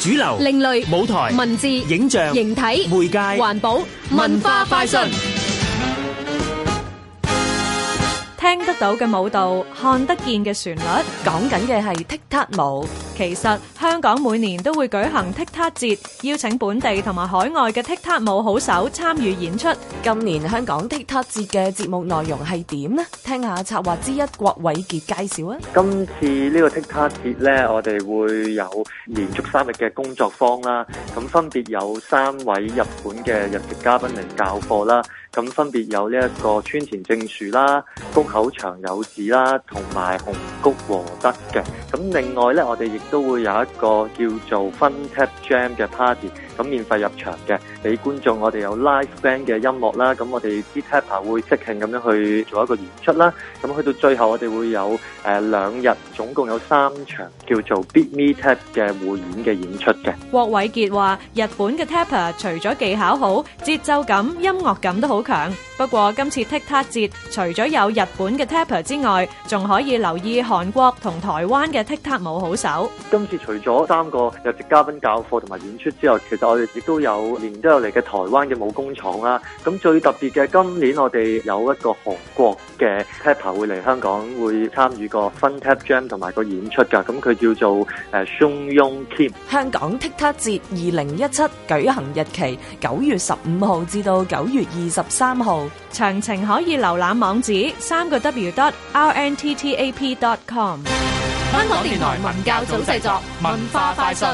主流、另類、舞台、文字、影像、形體、媒介、環保、文化快訊，聽得到嘅舞蹈，看得見嘅旋律，講緊嘅係踢踏舞。其實香港每年都會舉行踢踏節，邀請本地同埋海外嘅踢踏舞好手參與演出。今年香港踢踏節嘅節目內容係點呢？聽下策劃之一郭偉傑介紹啊。今次這個 TikTok 呢個踢踏節咧，我哋會有連續三日嘅工作坊啦。咁分別有三位日本嘅日籍嘉賓嚟教課啦。咁分別有呢一個村前正樹啦、谷口長有子啦，同埋紅谷和德嘅。咁另外咧，我哋亦都會有一個叫做 Fun Tap Jam 嘅 party，咁免費入場嘅，俾觀眾我哋有 live band 嘅音樂啦，咁我哋啲 tapper 會即興咁樣去做一個演出啦。咁去到最後，我哋會有誒兩日總共有三場叫做 Beat Me Tap 嘅匯演嘅演出嘅。郭偉傑話：日本嘅 tapper 除咗技巧好，節奏感、音樂感都好強。不過今次踢躂節除咗有日本嘅 tapper 之外，仲可以留意韓國同台灣嘅踢躂舞好手。今次除咗三個日籍嘉賓教課同埋演出之外，其實我哋亦都有連都有嚟嘅台灣嘅舞工廠啦。咁最特別嘅，今年我哋有一個韓國嘅 tap 會嚟香港，會參與個 Fun Tap Jam 同埋個演出噶。咁佢叫做誒雙擁 Keep 香港踢踏節二零一七，舉行日期九月十五號至到九月二十三號，詳情可以瀏覽網址三個 W dot R N T T A P dot com。香港電台文教組製作《文化快訊》。